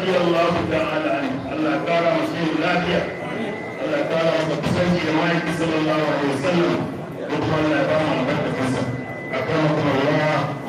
رضي الله تعالى عنه الله تعالى مسلم لافيا الله قال وبتسجي جمالك صلى الله عليه وسلم وقال الله يبارك فيك اكرمكم الله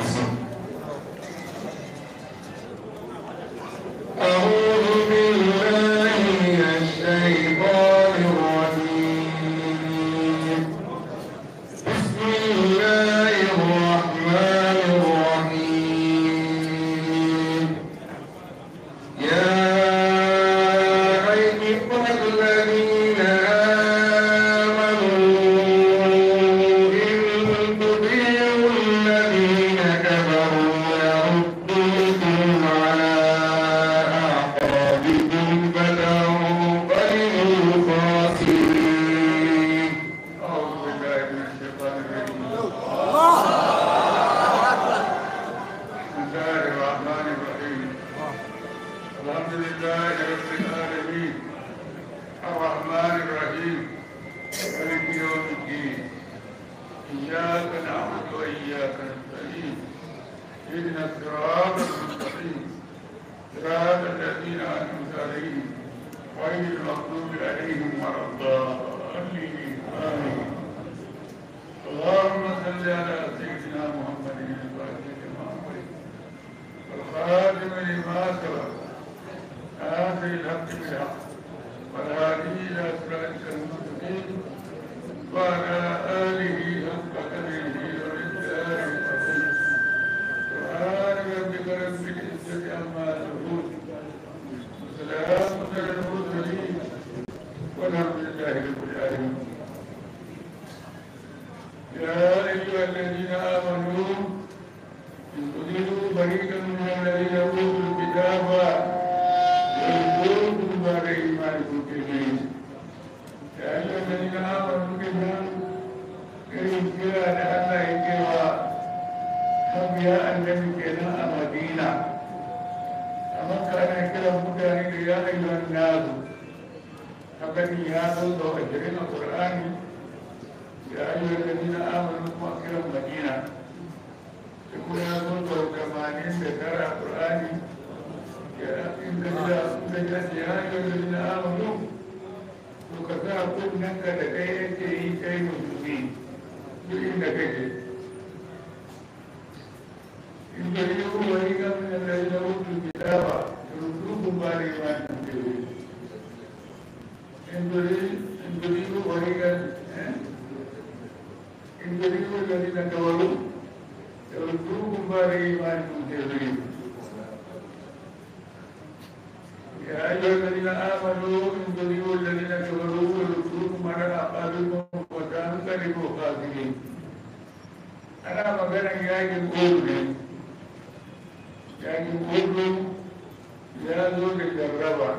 suka jarraba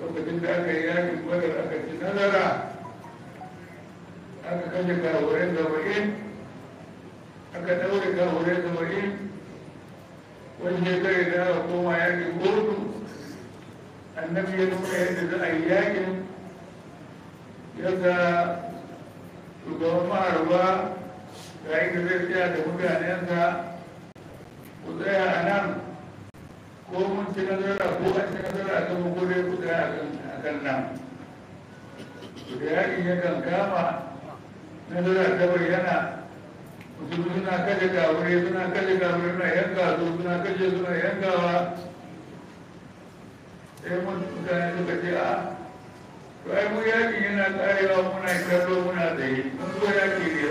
lokacin da aka yi yakin badar aka ci nazara aka kashe kahurai saba'in aka daure kahurai saba'in wani shekara da aka koma yakin hudu annabi ya nuna yadda za a yi yaƙin. yadda shugaban maharba ga inda zai tsaya da mutanensa ku tsaya a nan ko mun ci nazara ko an ci nazara ta gama ko dai kuɗa a kan nan da ya kan kama nazara ta yana. musulmi suna kashe kafirai suna kashe kafirai na yanka su suna kashe suna yankawa sai mun suka ce a to ai mu yaƙi yana karewa muna kallo muna tsaye mun zo yaƙi ne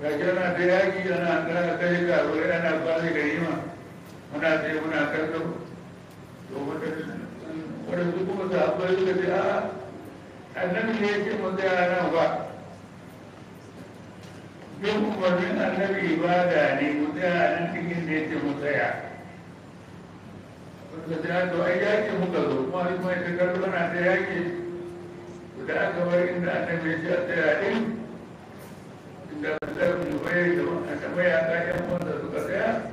ba ga ana ta yaƙi ana kashe kafirai yana ba da ganima muna sai muna kallon domin wadda su kuma sahabbai suka ce a annabi ne ya ce mun tsaya nan ba bin umarnin annabi ibada ne mu tsaya nan cikin ne ya ce mu tsaya wanda ta to ai ce muka zo kuma shi mai ta karbi na ta yaki da aka bar inda annabi ya ce a tsaya din inda su tsaya mu bayar da wani tambaya ga 'yan wanda suka tsaya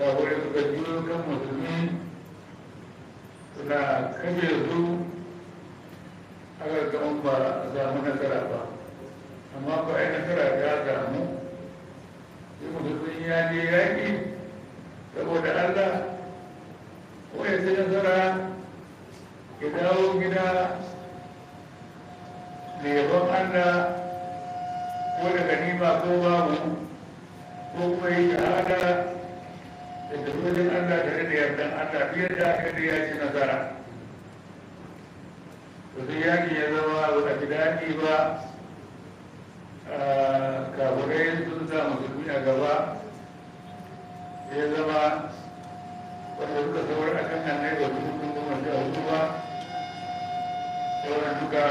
kawai suka juyo kan musulmi suna kabe su aka gaban ba a samu nasara ba amma ba a yi nasara ta samu sai musulmi ya je yaƙi saboda allah ko ya ci nasara ya dawo gida da yabon allah ko da ganima ko babu ko kuma yi shahada daga gudun Allah da da yardan Allah fiye da aka da ya ci nasara to sai yaki ya zama abu a daɗi ba kafirai sun sa musulmi a gaba ya zama wanda suka saurar a kan nan ne ba su sun kuma da hudu ba sauran duka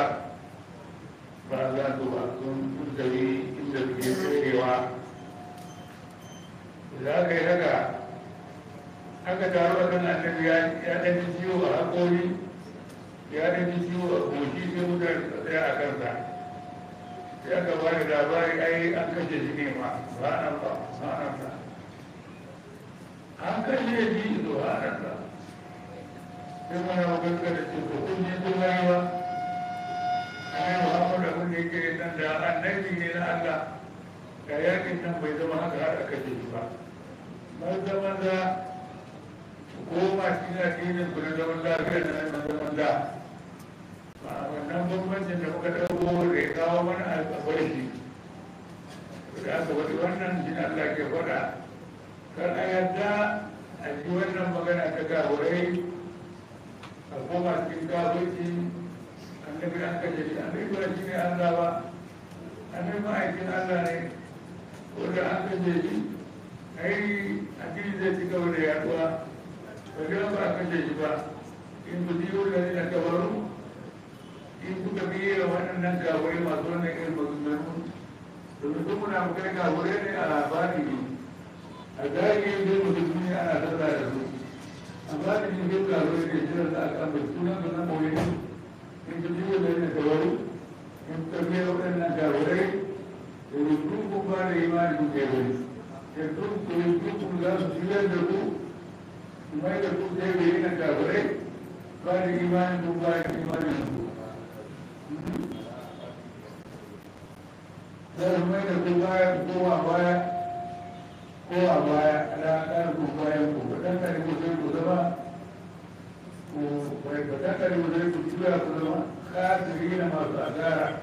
ba za su ba sun tafi inda suke tserewa za ka yi haka aka taro kana ta ya ɗan ciwo a haƙori ya ɗan ciwo a goshi sai mutane da tsaya a kansa sai aka ba da labari ai an kashe shi ne ma ba nan ba ba nan ba an kashe shi to ba nan ba sai mana magana da ce ko kun yi sun gani ba ai Muhammad abin da yake nan da annabi ne na Allah da yakin nan bai zama haka har a kashe shi ba. Maza koma cikin addinin ku na zaman lafiya da zaman da ba wannan bambancin da muka ɗauko da ya kawo mana alƙawari shi da aka wani wannan shi Allah ke faɗa kar a yadda a ji wannan magana ta gawarai a koma cikin gawarci annabi an kashe shi annabi ba shi ne Allah ba annabi ma'aikin Allah ne da an kashe shi ai addini zai ci gaba da yaduwa da gidan ba kashe shi ba in ku biyu da ni na kabaru in kuka biye waɗannan gawai masu ke irin maganganu domin duk muna mukai gawai ne a labari ne a zahiri ne mutum ne ana sarra da su amma da ni duk gawai ne jiran da aka mai sunan da na mawai in ku biyu da ni na kabaru in kuka biye waɗannan gawai da duk kun fara yi ma da kuka yi da duk kun za su mai da ku sai da yi na kafirai ba da imanin ku ba da imanin ku za su mai da ku baya kowa baya kowa baya na ɗan ku bayan ku ɗan ɗan ku sai ku zama ku bai ba ɗan ɗan ku sai ku tura ku zama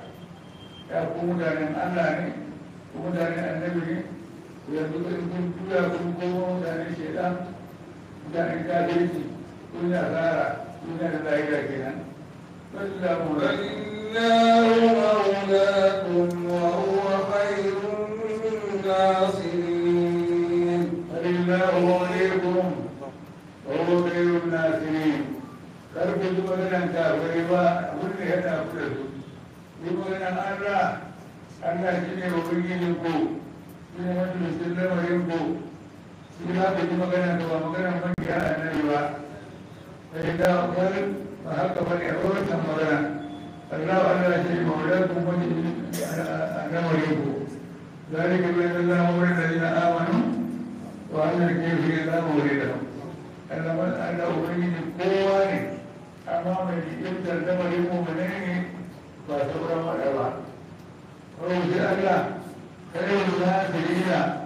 ya ku mutanen Allah ne ku mutanen annabi ne yanzu in kun tura kun kowa mutanen dan kafirci ko na fara ko na bayar kenan wallahu wallahu maulakum wa huwa khairun nasirin wallahu maulikum wa huwa khairun nasirin kar ku ji maganan kafirai ba abin da ya tafi da su yi maganan Allah Allah shi ne ubangijinku shi ne wanda sun lamarin ku shi za magana da ba magana mabiya a nan ba sai da wani ba haka ba ne a wannan magana Allah Allah shi maulakum wani a namarinku ذلك بأن الله ولد الذين آمنوا وأن الكافرين لا مولد لهم أن أبين قوة أمام الإبتر دمر المؤمنين Allah الأوان روز الله خير الناس إلى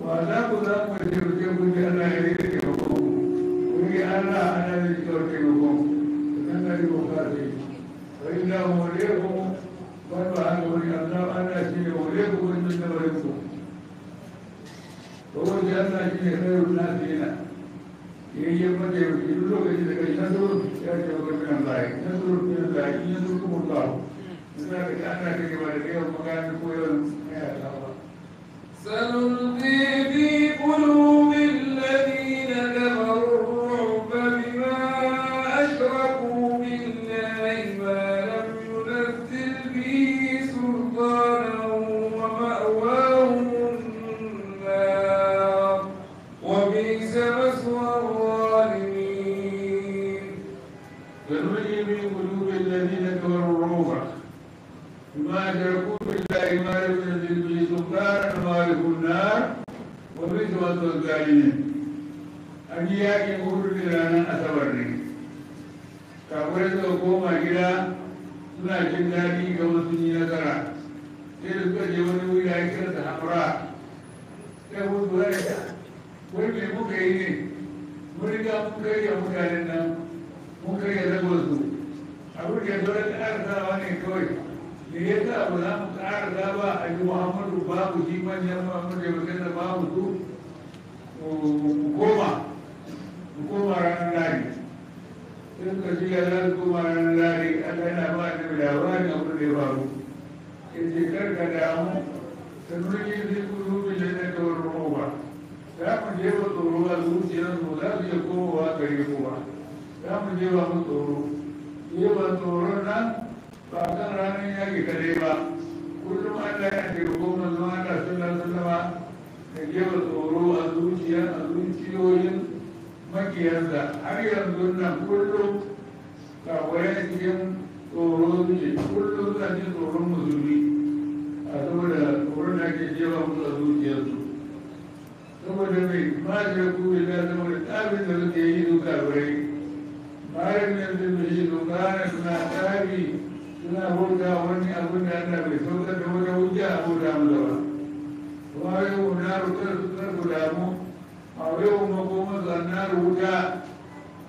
wa za ku za ku ce ku ce kun ji Allah ya yi taimakon kun ji Allah ana da kyau taimakon sannan ka yi kuka da yi wa inda hore ku ba ba an hore Allah Allah shi ne hore ku kun ji da bare ku to wani Allah shi ne kai na dina yayin mata yau duk lokacin da kai nasuru ya ce wa kai nan bai nasuru ne bai nasuru kuma ba ina ga ana kai ba da kai magana ko yau ne ya ta سنلقي في gare kuma ba za mu je ba mu tsoro je ba tsoro nan ba kan ranar yaki kare ba kullum allah ya ce ko zama allah suna alaihi wasallam da je ba tsoro a zuciyar a zuciyoyin makiyarsa har yanzu nan kullum kawaye cikin tsoro suke kullum suna jin tsoron musulmi a saboda tsoron da ke jewa musu a zuciyarsu da mai ba da kuma da zama da tsarin da suke yi duka wurai bayan da suke yi duka na suna tsari suna bauta wani abin da ana bai sauka da wani hujja a bauta mu gaba kuma yau na rukar su ku damu a yau makoma zanna rubuta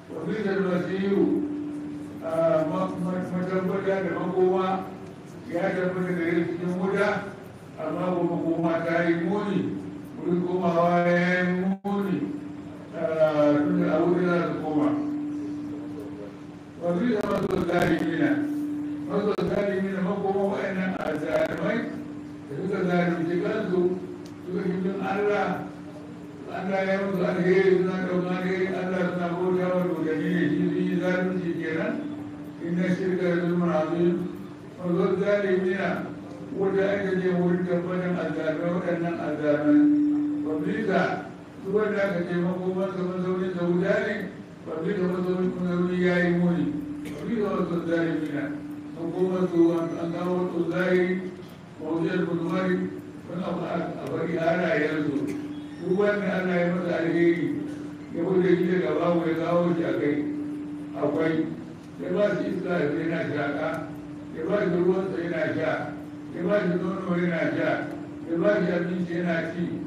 wa bizar masiru matabbata da makoma ya tabbata da cikin wuta amma kuma makoma ta yi muni wurin komawa ya yi muni tun da abu da za koma makoma a da suka kansu suka allah Allah ya alheri suna alheri Allah suna shi sun yi zalunci kenan shirka wanda aka je wurin tabbatar azabai waɗannan azabai bambilka duk wanda aka ce makomarsa mazaunin da wuta ne bambilka mazaunin wuri ya yi muni bambilka mazaunin zahiri na makomarsa an kawo wasu zahiri mawujiyar gudunmari wani abu a bari yanzu. duk wanda ana yi masa alheri ya wuce shi daga babu ya kawo shi a kai akwai ya ba shi iska na shaƙa ya ba shi ruwansa yana sha ya ba shi nono yana sha ya ba shi abinci yana ci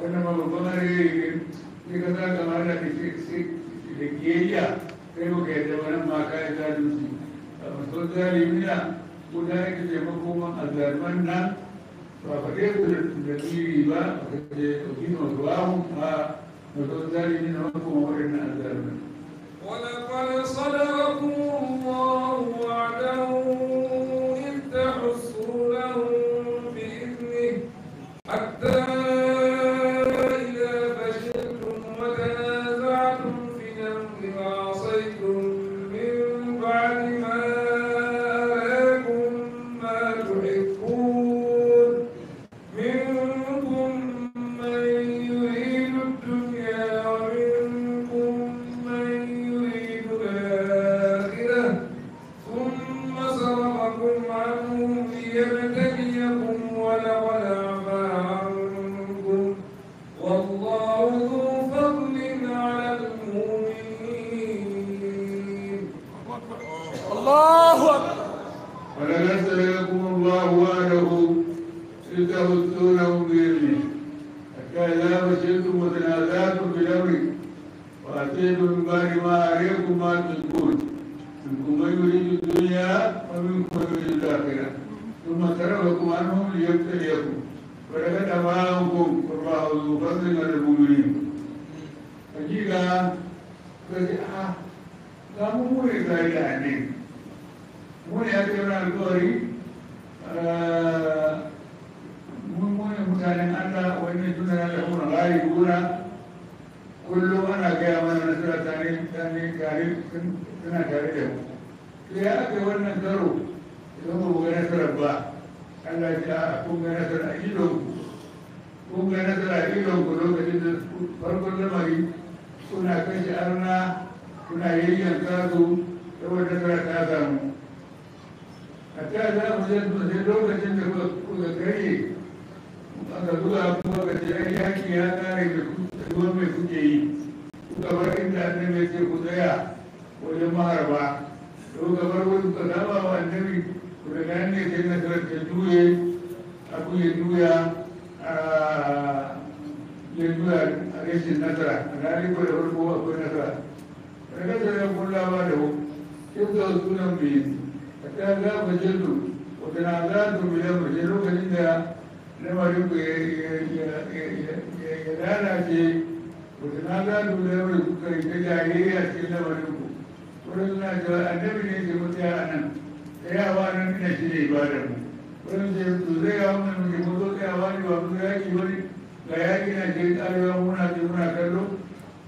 Bueno, me propone que cada cámara que se requiera, creo que de buena marca de la luz. A nosotros de la limina, una vez que llamó como al de hermana, para partir de la viva, porque nos vamos a nosotros de la limina, como a la hermana. ولقد صدقكم الله وعده إذ تحصونهم rashin nasara ko da farko akwai nasara daga tsarin kullawa da hu kyauta sunan biyu a tsarin zafa jallu wata na za su biya mace lokacin da lamarin ku ya lalace wata na za su biya mace kuka yi ta jayayya cikin lamarin ku wani suna cewa annabi ne ke mutu a nan tsayawa nan ina shi ne da mu wani ce to zai yawon mai mutu tsayawa ne ba mutu yaki wani ga yaƙi na je tsarewa muna je muna kallo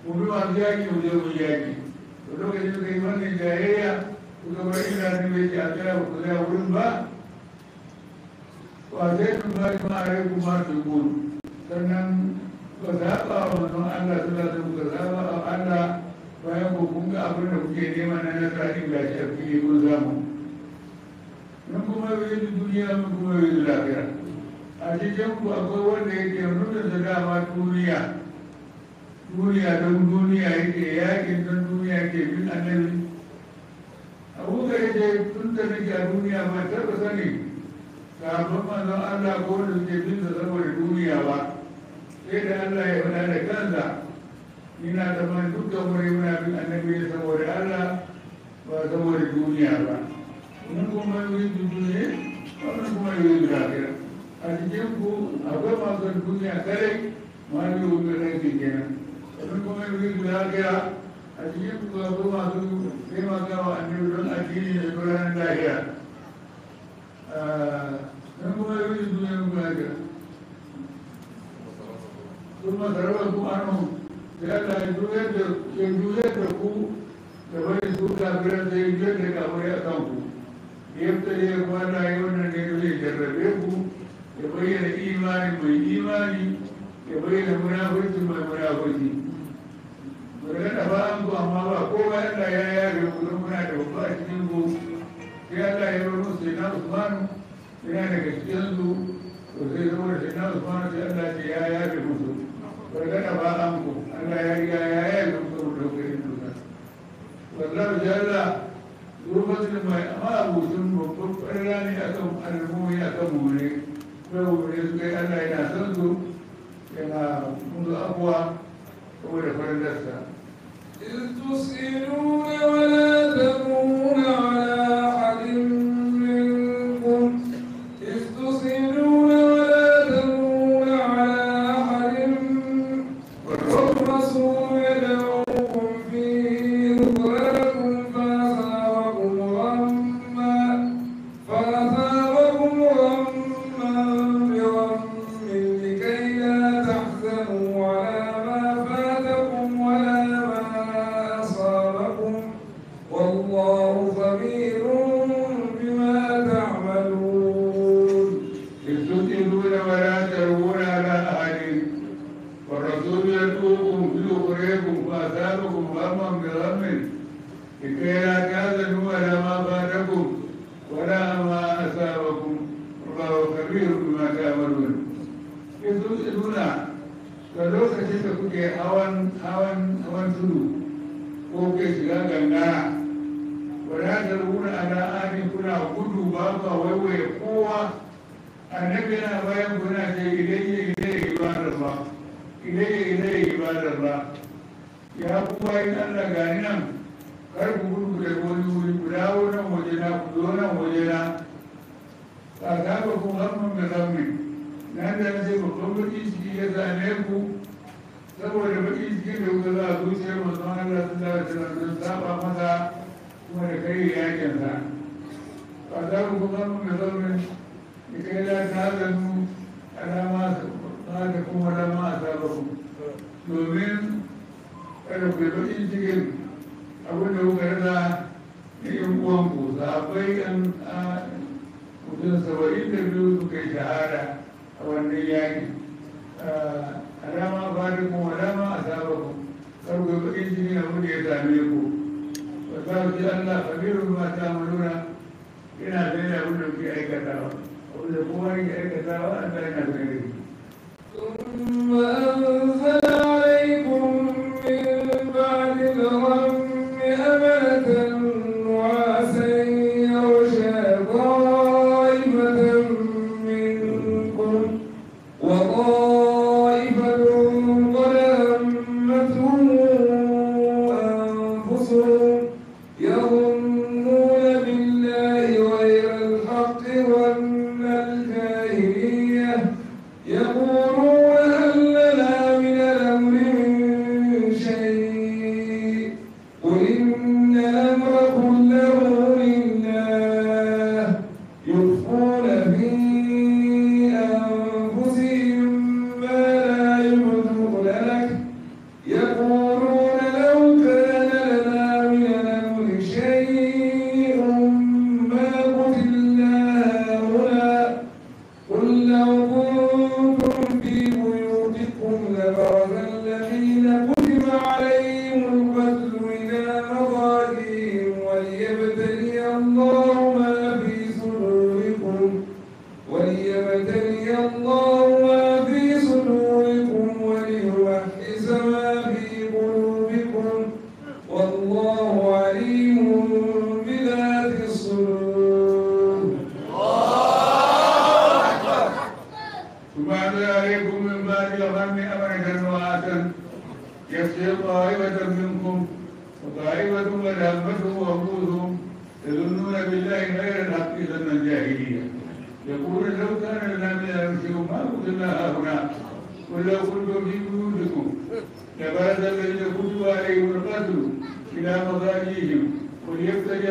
mu bi masu yaƙi mu je mu yaƙi to lokacin da yi wannan jayayya kuka bar ina ne bai ce a tsaya ku tsaya wurin ba wa zai kun ba ma rai kuma su gudu sannan ba zaɓa wa wannan Allah su za su ba zaɓa wa Allah bayan ku kun ga abin da kuke nema na nasara ɗin gashi a fiye kun samu. Nan kuma yi duniya mun kuma a cikin ku akwai wanda yake nuna da dama duniya duniya don duniya yake yakin don duniya ke bin annabi A da yake tun da nake a duniya ma taɓa sani kafin manzon Allah ko wanda suke bin da saboda duniya ba sai da Allah ya faɗa da kansa ina da zaman dukkan wani muna bin annabi saboda Allah ba saboda duniya ba wani kuma yi duniya wani kuma yi duniya a cikin ku akwai masu a kare ma ne wani ranki ke wani kuma yi guda kira a cikin ku akwai masu taimakawa a ne don addini da tsoron lafiya don ta yi duniya guda kira ثم ضربكم عنهم لئلا يجوزكم تبرزوا كافرا يجوزك أولياءكم يبتليكم أن أيون أن يجوزي جربيكم ya bayyana imanin mai imani ya bayyana munafurcin mai munafurci bari da ba an ku amma ba kowa Allah ya yare ku don muna da babba a cikin ku sai Allah ya bar musu na Usman yana daga cikin su to sai zama da na Usman sai Allah ya yare musu bari da ba an ku Allah ya riga ya yare musu da kokarin duka wallahi jalla gurbin mai amma abokin babban ƙwararra ne akan al'ummomi akan mure saboda su kai allah yana son su yana musu abuwa saboda farin dasta إذ تسئلون ولا على لكي لا تهزموا ولا ما فاتكم ولا ما أصابكم والله خبير بما تعملون يسألون فلوك تسكت أوان أوان أوان سلو وكي سلا غنغرا ولا تلوون على آن كنا قدوا بابا ويوي قوة النبي أنا بيان كنا إليه إليه عباد الله إليه إليه عباد الله يا قوة إن الله غنم kar ku gudu da wani wuri ku dawo nan waje na ku zo nan waje na ba za ba ku hamman da zammi nan da na ce babban baki ciki ya zane ku saboda baki ciki da wuta za a zuciyar masu Allah sun da ta zan saba masa kuma da kai ya yakin sa ba za ku kuma hamman da zammi da kai da ta zanu alama ta kuma alama a sababu domin kada ku yi bakin cikin abin da kuka rasa na yan uwan ku sabai an mutum saba'in da biyu suka yi shahara a wannan yaki alama fari kuma alama a saba ku karku bakin jini abin da ya same ku ba za ku ji allah kabirin ma ta maluna yana da abin da kuke aikatawa abin da kuma yake aikatawa an yana na ثم أنزل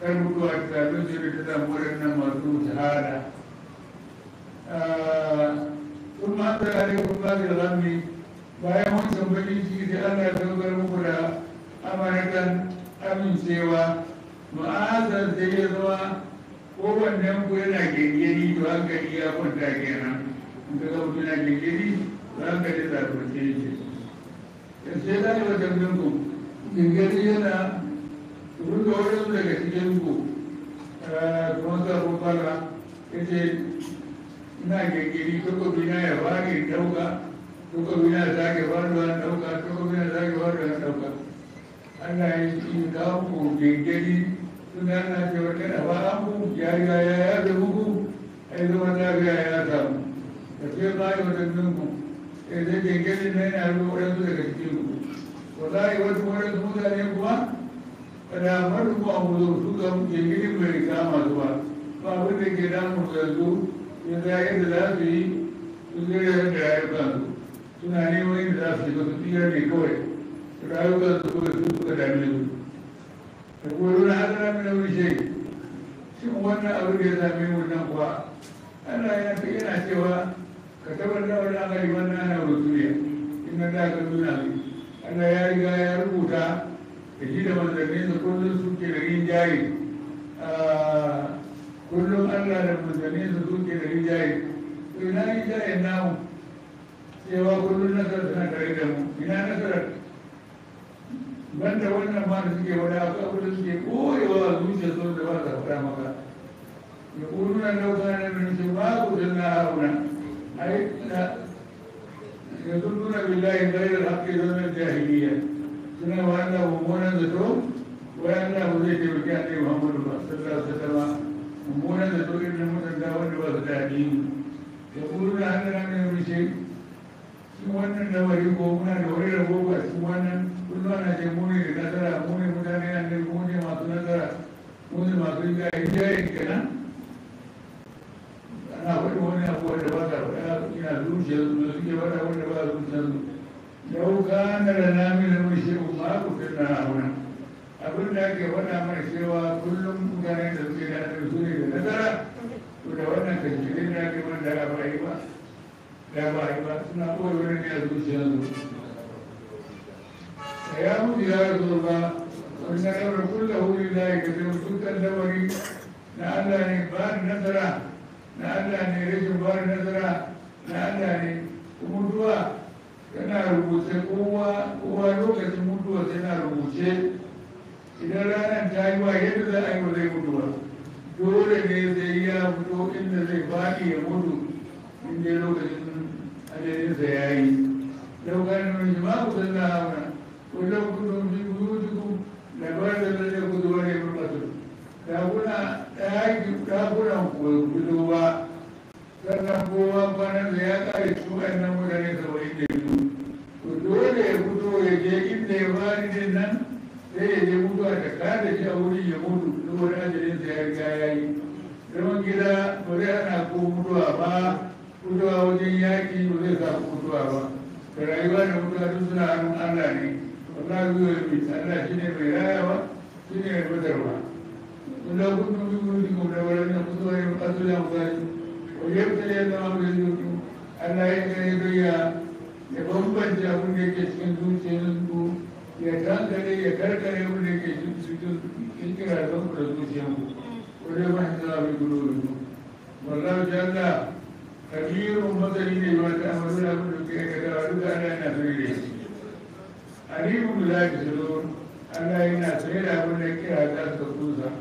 kar mutu a zaɓe su da ta samu waɗannan masu shahada sun ma ta yare ba da rami bayan wancan bakin ciki sai Allah ya zaugar muku da amincewa ma'azar sai ya zama kowannen ku yana gengeri to hankali ya kwanta in yana to hankali za yana domin da wasu daga cikin ku kuma sa bala ya ce ina gengiri takobi na ya bani dauka takobi na zage faruwa dauka takobi na zage faruwa dauka ana yi shi kawo ku gengiri suna na ce wata da ba abu ya riga ya ya da a yi ya samu tafiya ba yi wajen nunku sai zai ne na yana ruwa wajen daga cikin ku wallahi wasu wajen mutane kuma ramar ku a muzurtu ga gini bai kama zuwa, ba ba abin da ke damu yanzu ya ga yadda za su yi su zira yadda rayukan su suna neman yadda za su yi wasu tsira ne kawai rayukan su kawai su suka dame su da kuma na haka na mina wuce shin wannan abin da ya same mu kuwa ana yana cewa ka tabbatar wani aka yi wannan ana rutuliya ne. na da aka nuna ana ya riga ya rubuta da shi da su kullum suke da rinjaye ah, kullum allah da manzanninsa suke da rinjaye to ina rinjaye namu cewa kullum nasar suna tare da mu ina nasarar banda wannan ma da suke wada akwai abu da suke koyewa zuciya sau da ba ta faɗa maka ya ƙununa lauka na min shi ba ku zanna haruna ai da ya zurguna billahi gairar haƙƙi zama jahiliya suna wa Allah mummunan zato wai Allah ba zai taimaki a ɗaya Muhammadu ba sallallahu alaihi wasallam mummunan zato irin na mutanda wanda ba su da addini da kuma da Allah na yau shi shi wannan da wari ko muna da wari da gogo a cikin wannan kullum ana ce muni ne da nasara muni mutane a ne mu masu nasara mu ne masu yi jayi jayi kenan ana faɗi wani abu wanda ba ka faɗa ina zuciya zuciya wanda ba zuciya zuciya لو كان لنا منه شيء ما كنا هنا abin da ake faɗa mana cewa kullum mutane da suke da da su ne da nazara to da wannan kankiri da ake mana da yi ba suna kawai wani ne a da ya mutu ya rasu ba wani na ɗaura kulla huri na Allah ne ba ni nazara Allah ne rashin nazara Allah ne kuma duwa tana rubuce kowa lokacin mutuwa tana rubuce idan ranar ta yi wa yadda za a yi wa zai mutuwa. dole ne zai ya mutu inda zai faɗi ya mutu inda ya lokacin adadinsa ya yi daukanin mai ma ku san na hauna wajen kudin jibutu da bar da zai ne wani mulmatu da kuna ɗaki ɗakunan kudu ba sannan kowa kwanan da ya ƙare su ɗan nan mutane saba'in da biyu ya din nan sai ya je mutuwa ta da shi a wuri ya mutu duk wani ajalinsa ya riga ya yi zaman gida ba zai hana ko mutuwa ba mutuwa wajen yaƙi ba zai sa mutuwa ba da rayuwa da mutuwa duk suna hannun allah ne wallahi zuwa bi allah shi ne mai rayawa shi ne mai fitarwa in kun tun bi wuri ko da wani da mutuwa ya mutu da mutuwa ko ya fita ya zama mai zuwa allah ya kare ya bambance abin da yake cikin zuciyar zuciya ya kankare ya da ke cikin ku da mu duka da za ki abin da ka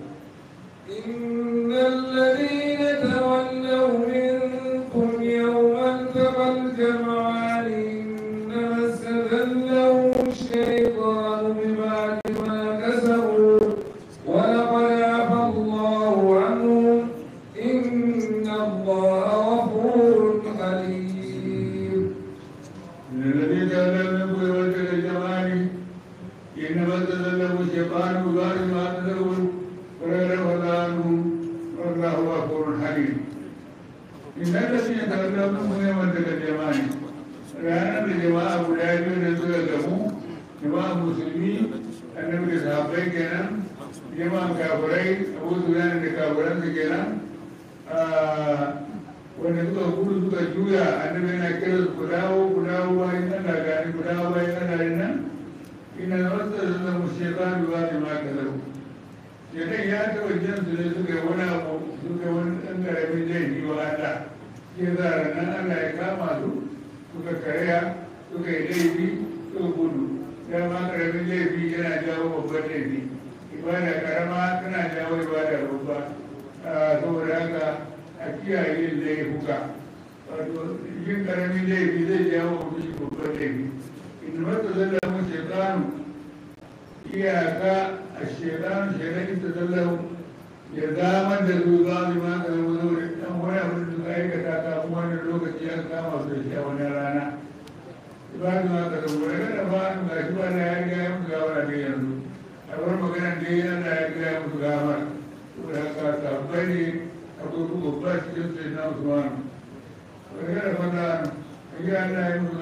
إن الذين تولوا منكم يوما تقى الجمعان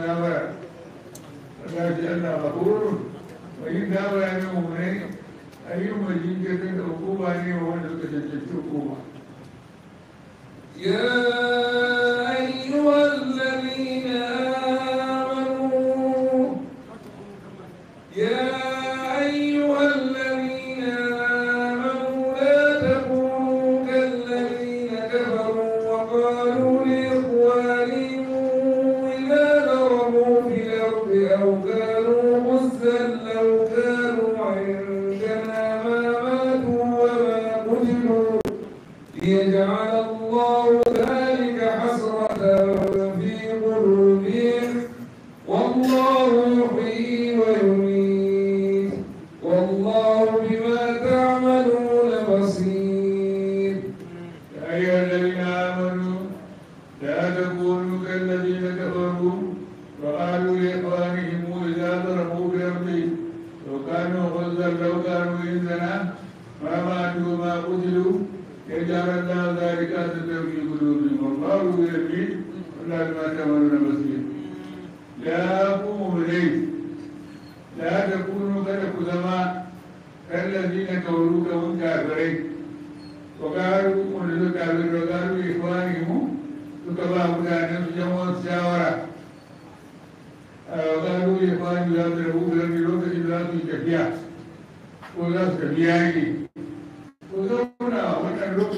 تاب فلا جعلنا غفور وإن تاب يا مؤمنين أيما جنجة عقوبة وأنا تجدد عقوبة يا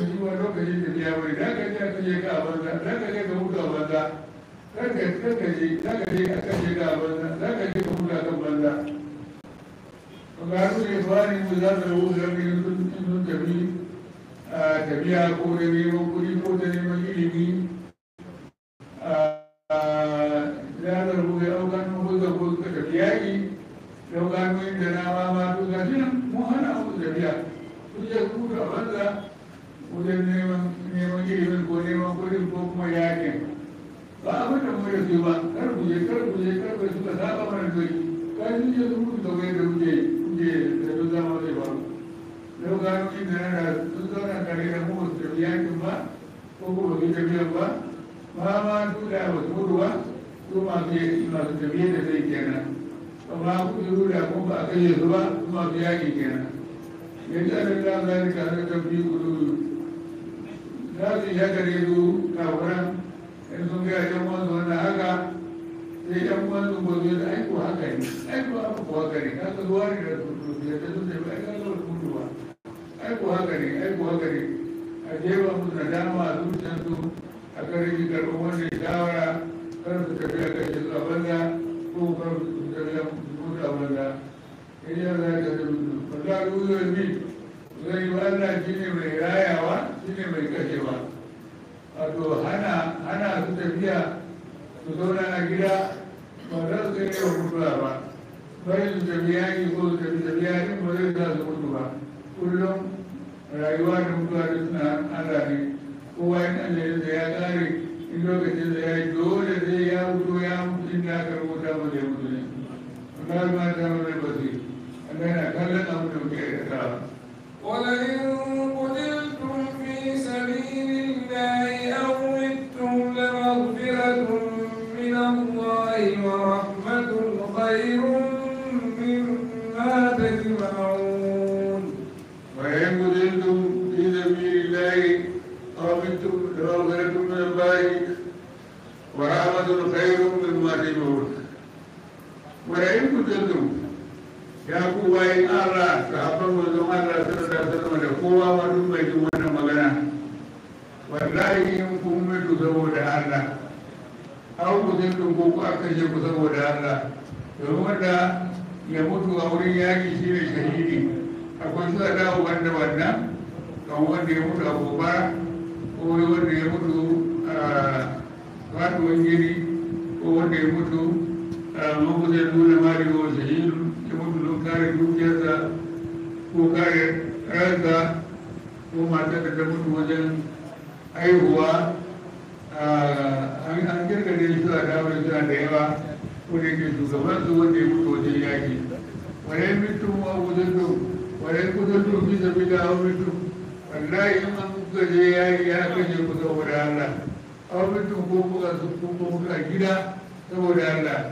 shi wani lokaci da biya wani za ka je a kashe ka banza za ka je ka huta a banza za ka je za ka je a kashe ka a banza za ka je ka huta kan banza kuma har ne fari mu za ta rabu da mai sun sun tafi tafiya ko da neman kuɗi ko da neman ilimi ya zarbu ya ɗauka nufin zarbu ka tafi yaƙi ɗauka nufin da na ma ma duka shi nan mu hana mu tafiya sun je kuka banza کی بات کر مجھے کر مجھے کر میں تو کا ساتھ ہمارے کوئی کہہ دیجیے تو مجھے تو گئے کہ مجھے مجھے دیوتا والے بات لوگ آپ کی میرا دوسرا نہ کرے گا وہ چڑیا کے بعد تو وہ لوگ چڑیا ہوا بابا تو کیا وہ دور ہوا تو آپ کے بعد چڑیا نے صحیح کہنا تو وہاں کو ضرور ہے وہ بات یہ ہوا تو آپ کیا کی کہنا میرا میرا میں نے کہا تھا جب بھی وہ لوگ کیا کریے تو کیا ہو رہا in sun gaya yan wanzu wanda haka sai yan wanzu ba zai da aiko haka ne aiko haka ko haka ne haka zuwa ne da tutu ya ta tutu ba aiko haka tutu ba aiko haka ne aiko haka ne a jefa musu da dama a zuciyar su a kare shi karɓar wannan shawara kar su tafi a kashe su a banza ko kar su tafi a mutu a banza in yi za ka tutu ba za a tutu da zai yi ba Allah shi ne mai rayawa shi ne mai kashewa. wato hana hana su tafiya su zauna a gida ba za ba bari su tafi ko tafi ba zai sa su mutu ba kullum rayuwa da mutuwa suna Allah ya ya yi dole ya mutu ya ba da dukkansu ya ku bayan Allah sahabban manzon Allah sallallahu alaihi wasallam da kowa ma duk bai jin wannan magana wallahi in kun mutu saboda Allah aw ku zindin ko ku aka je ku saboda da domin wanda ya mutu a wurin yaki shi ne shahidi akwai su da wanda wannan kan wanda ya mutu a gobara ko wanda ya mutu a fatuwan gini ko wanda ya mutu mukutar nuna mari wa shahidu ta mutu don kare dukiyarsa ko kare ransa ko mata da ta mutu wajen haihuwa an kirkare shi a damar suna da yawa ko da ke shugaban su wanda ya mutu wajen yaki wani mutum wa kudurdu wani kudurdu fi zabi da hau mutum wallahi in an kuka je yaki ya kashe kusa saboda Allah hau mutum ko kuka gida saboda Allah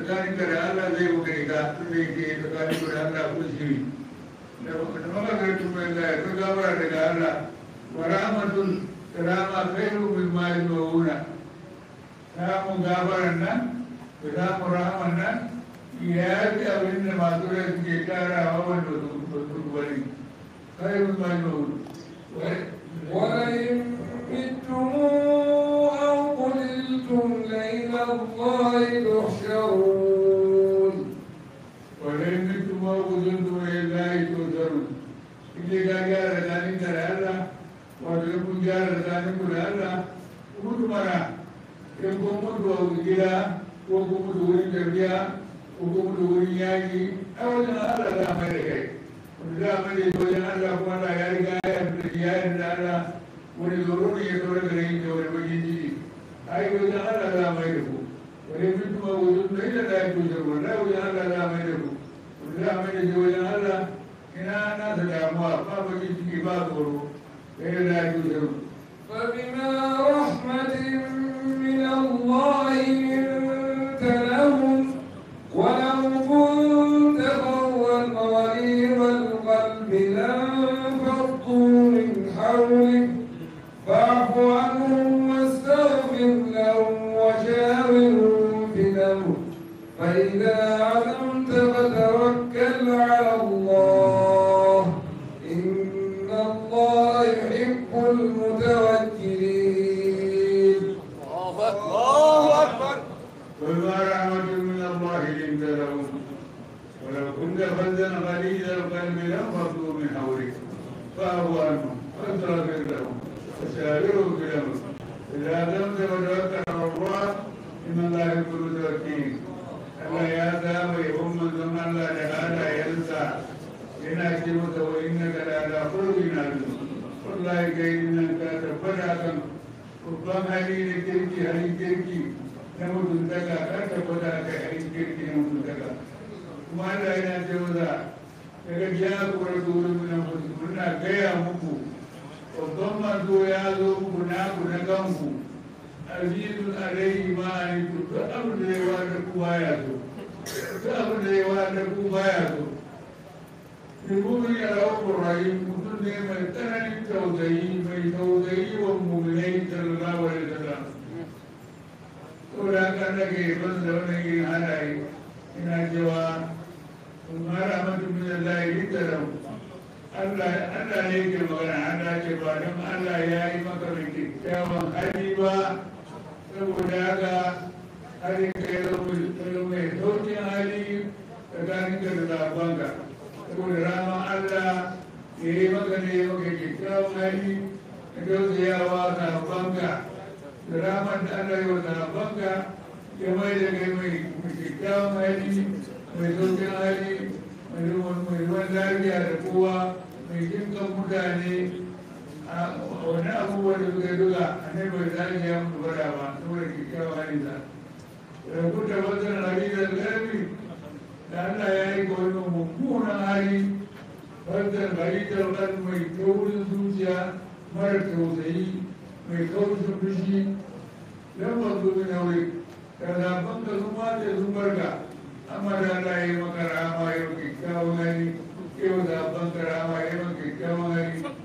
Akali कर आला जी वो कहीं का अपने के अकाली कर आला उस जी मैं वो कठोर कर चुका है तो गावरा ने कहा ना वरामा तुम वरामा फेरो बीमारी में हो ना वरामु गावरा ना वरामु रामा ना ये guerra da Interella, quando eu fui guerra da Nicolella, o mundo mará. Eu como do Aldira, o como do Interbia, o como do Uriñagi, é o de nada da América. O de nada da América, o de nada da Fuanda Gárica, é o de nada da América, o de Dorona e a Dora Grande, o de Bajinji. Aí o de nada da América. O de Vitor Magudu, não é o de nada da América. O de nada da América. ينادى تجمع فبجد كبار فبما وجعلت غفورا ya zama da halayensa yana ce wallahi nan babban kirki kirki na kirki na kuma ce daga muna gaya muku babban manzo ya zo muku na na kanku azizun alaihi ma alaikum duk abin da ya wada ku baya so duk abin da ya wada ku baya so rububin yarawar rahim mutum ne mai tsananin tausayi mai tausayi wa da sallallahu alaihi wasallam saboda haka nake ban da wannan irin halaye ina cewa kuma rahmatu min Allah ya littara Allah Allah ne ke magana Allah ce ba don Allah ya yi maka mai kyakkyawan hali ba saboda haka har kai zama mai sauƙin hali tsakanin da zaɓen ka saboda rama Allah ya yi maka ne maka kyakkyawan hali da tausayawa zaɓen banga. da raman da Allah ya wa banga, ka ya mai da kai mai kyakkyawan hali mai sauƙin hali mai ruwan lafiya da kowa mai jinkan mutane wani abubuwa da suka duga a nan bai zai ya mutu gwada ba saboda kyakkyawa halisa da kuta wasan halittar ƙarfi da allah ya yi wani mummunan hali wasan halittar ƙarfi mai taurin zuciya mara tausayi mai kaurin fushi don wasu bin hauri da zafin da sun wace sun barka amma da allah ya yi maka rama yau kyakkyawan hali yau zafin ka rama yau kyakkyawan hali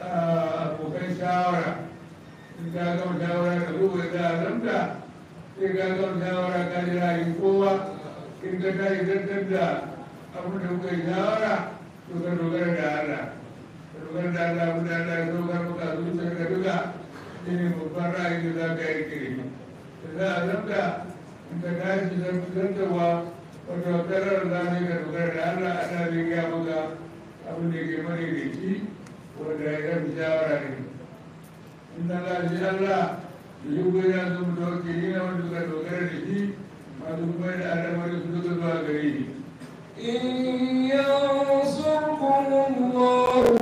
abokan shawara in ka gama shawara ka duba da azamta sai ka gama shawara ka ji ra'ayin kowa in ka tashi tattar da abin da kuka yi shawara to ka dogara da Allah ka dogara da Allah abin da Allah ya dogara maka zuciyar ka duka shi ne babban ra'ayin da za ka yi kiri da za a zamta in ka tashi zartarwa wato tarar da ne ka dogara da Allah a tabi ya maka abin da ke madaidaici ওই diagram যাওয়ার আগে ইন্নাল্লাহ জিনাল্লাহ লিউবেরা তুম তো কিরিনা ওয়া তুকা দোকারে নিহি মাদুবের আলামার সুদুকা গরি ইন ইয়ানসুরকুমুল্লাহ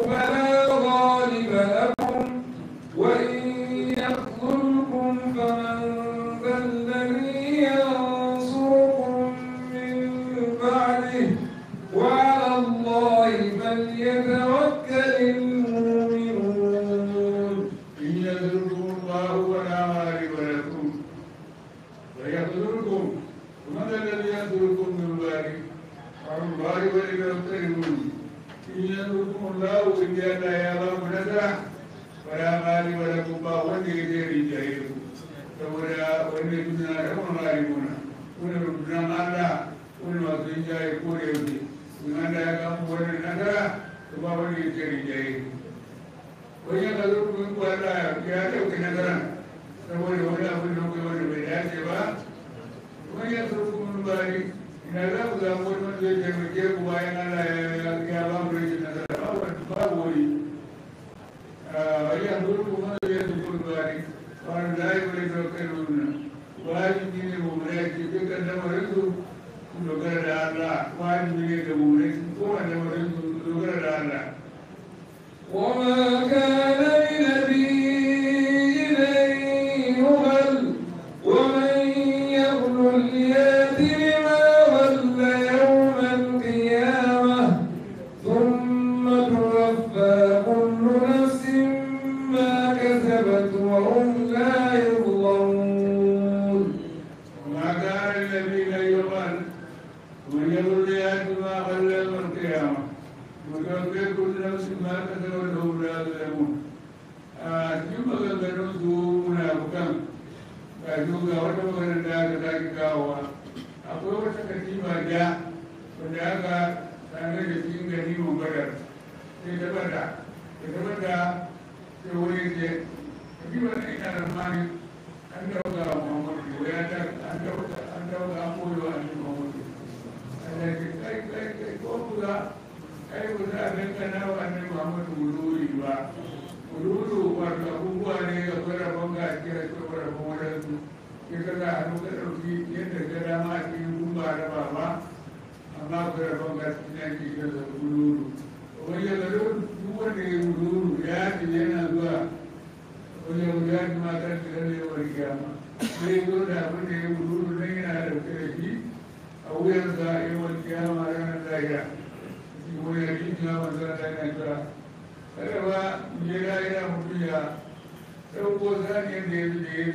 ayikuna kuni rubuna manda kuni wasinja ikure yuti inganda ya kamu wani nagara tubabani yuteri jayi wanya kazuru kuku wanda ya kiyate uki nagara sabori wanda kuni nukwe wani bedaase ba wanya kazuru kuku wanda ya inagara kuzamu wani wanda yuteri jayi kubayi nganda lah, ya kiyabamu yuteri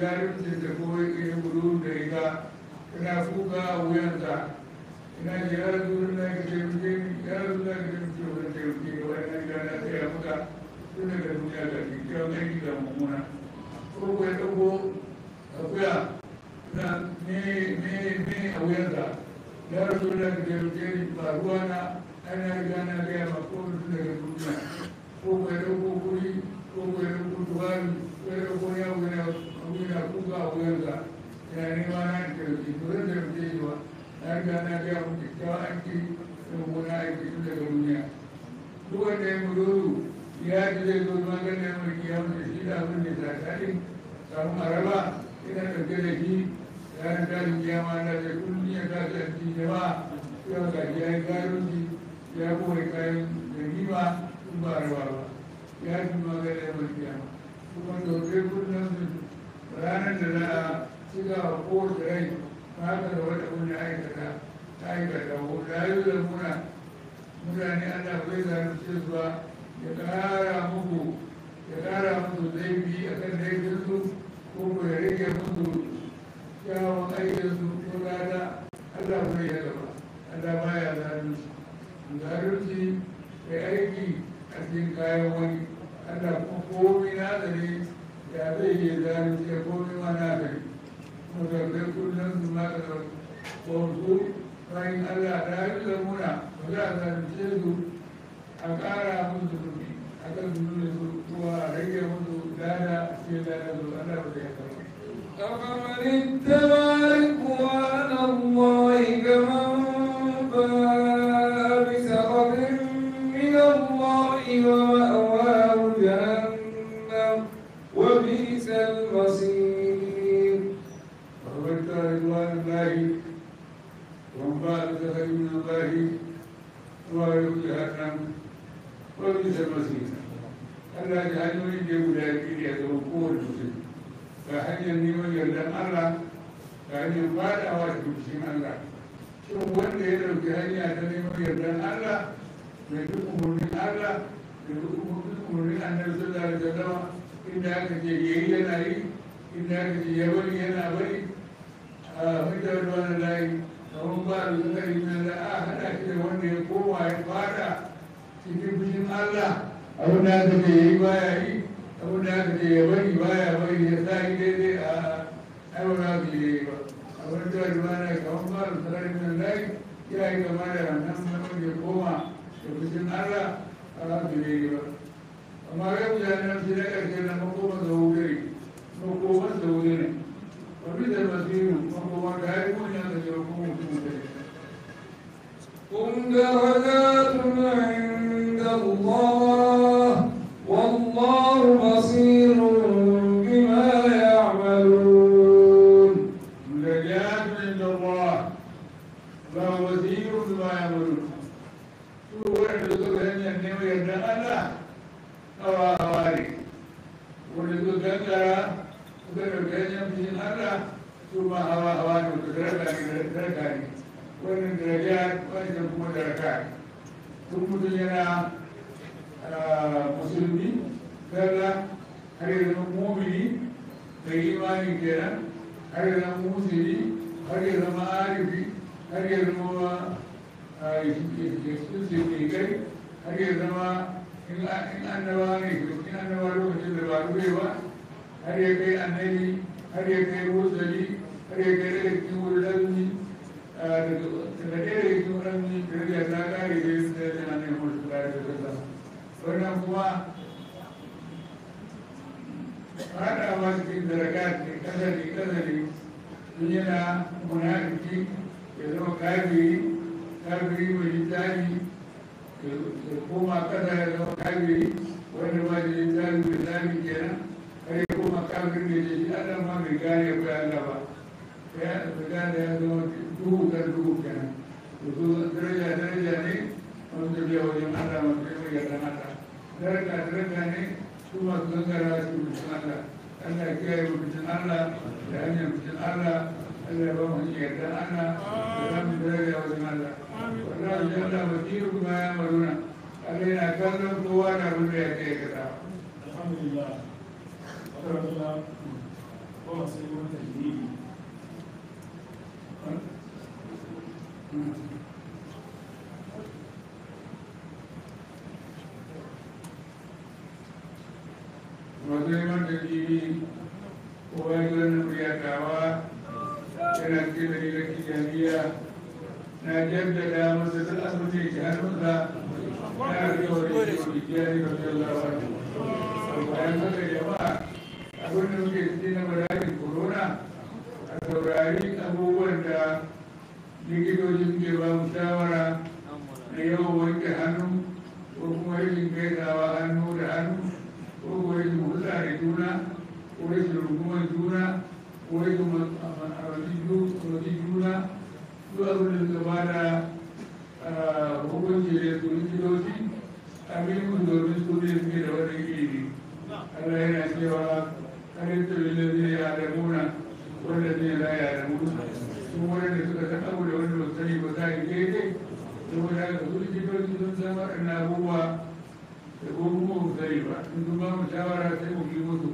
ಈಗ ಇರುತ್ತಿದ್ದಕ್ಕೂ ಈ ಗುರುವಿನ ಈಗ ಇನ್ನು ಕೂಗ ಉಯಂತ ಇನ್ನು ಯಾರ ಗುರುವಿನಾಗಿ ತಿರುಗಿ ಯಾರದಾಗಿ ತಿರುಗಿ ತಿರುಗಿ ಅವರಿಗೆ ಅಮುಗ ಇನ್ನು ಗುರಿಯಾಗಿ ಕೆಲವರಿಗೆ ಮುನ್ನ ಕೂಗ ಎಡುಗು ಅಭ್ಯ ne ne ne a wuyarta ya rasu na ka taimake ba ruwa na ana riga na gaya ma ko mutum daga duniya ko bai ɗauko kuri ko bai ɗauko tuwari ko ya ɗauko ya na ga kuka a wuyarsa ya ma na da karfi ba da taimake shi ba na riga na gaya mu kyakkyawan aiki da mummuna aiki tun daga duniya duk wanda ya mudoro ya ji zai zo maganin ya mulki ya da shi da abin da ya sa samu araba ina ɗauke da shi ranar tashin kiyama na da kullum ya tashi a cikin ba ya ga ya yi garunci ya kore kayan da in ba araba ba ya ji maganin ya mulki ya mutu kuma da wata kullum sun ranar da za a shiga wa kowace rai haka da wata wani aikata ta aikata ko rayu da muna mutane ana bai ce zuwa ya kara muku ya muku zai laifi a kan laifinsu ko ku ya rage musu kyawun aikinsu ko rana Allah bai ya gaba Allah ba ya zalunci zalunci ya aiki a cikin kayan wani Allah kuma komi na ne ya zai yi zalunci ya komi ma na gari musulmai kullum su ma da wasu bayan allah da yi ba za a zalunce su a ƙara a kan zunubi a rage dada dada da ya ta da hanyoyin da guda biyu ya zama kowane mutum ta hanyar neman yardar Allah ta hanyar faɗawa da dukkan Allah shin wanda ya ɗauki hanya ta neman yardar Allah da duk umarnin Allah da duk umarnin annabi sallallahu alaihi wasallam inda aka ce yayi yana yi inda aka ce ya bari yana bari a hujjar wani layi kamar ba da zai na da a haɗa shi da wanda ya koma ya fada cikin bishin Allah abin da aka ce ya yi baya yi abin da aka ce ya bari baya bari ya sa yi daidai a aiwara su yi ba abin da ba na ba da sarari nan lai ya yi gama da nan koma da fushin allah a za su ba amma ga su na na makoma da wuri makoma da wuri ne wani da makoma da ya yi makoma da lokacin Allah da hanyar Allah Allah ya ba mu hanyar ya maruna Allah ya kai Thank you. ubangiren riyadawa yana cikin dalilan kijamiya na jaddada masa sun asibiti ya hannunsa wani rikewar da ke biyari da jallawa a bayan saka jama'a abin da suke ciki na bala'in corona a saurari abubuwan da likitocin ke ba mu shawara na yawan wanke hannu ko kuma kai gaisawa hannu da hannu ko kuma rashin hulɗa da juna ko rashin rungumar juna ko rashin mafi juna duk abin da suka ba da hukunci da su yi kidoci a milimin domin su ne suke da wani ilimi Allah yana cewa karin tabbilin zai ya da muna wanda zai la ya da muna sun wanda suka san abu da wanda ba sani ba za a yi daidai saboda haka su kidoci sun san waɗannan abubuwa da kuma mu sani ba in sun ba mu shawara sai mu bi musu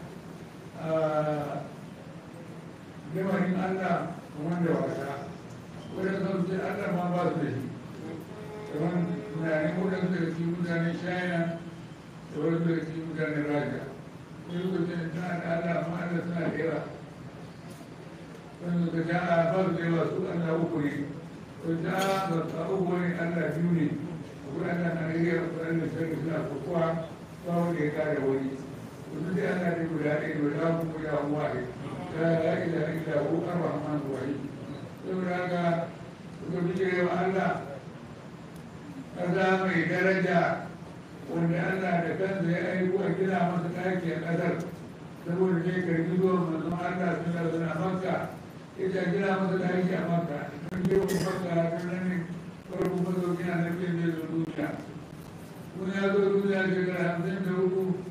lamarin allah kamar da wasa wajen sun allah ma ba su da shi kamar tunanin waɗansu daga cikin mutanen china da waɗansu daga cikin mutanen rasha wani lokacin ta da allah ma allah suna da yawa wani lokacin a ba su da yawa su allah uku ne wani ta ba su a uku ne allah biyu ne akwai allah na rage waɗanda shari'a suna kokowa ba da ya kare wani kullum sai an gani ko ya ɗaya ta mu ko mu ake ya ɗaya ta ɗaya ta ko karfa kuma ko wani sai ko ka kuma bi ce yau Allah ƙasa mai daraja wanda ana da kansa ya aiko a gina masa ɗaki a ƙasar saboda ke karfi zuwa masu mata suna suna makka ita gina masa ɗaki a makka kan yi wa makka a kan nan ne farko mazaukina na fiye mai zo duniya kuma ya zo duniya hamsin da hukumu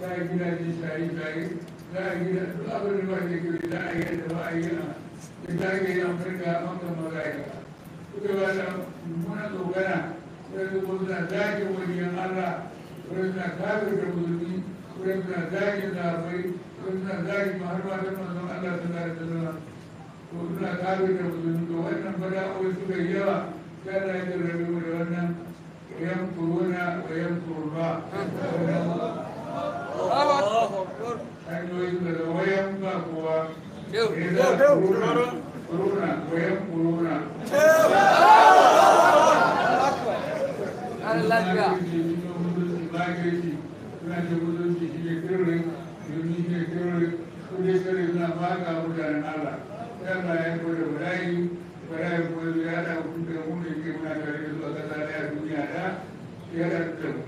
za a gina za a da yi da ba a yi na da za a yi amurka a maka muna kuma suna wani suna da wani suna wani suna da allah da suna da to yi yawa yana yi da rabewa da wannan kuruna Gracias.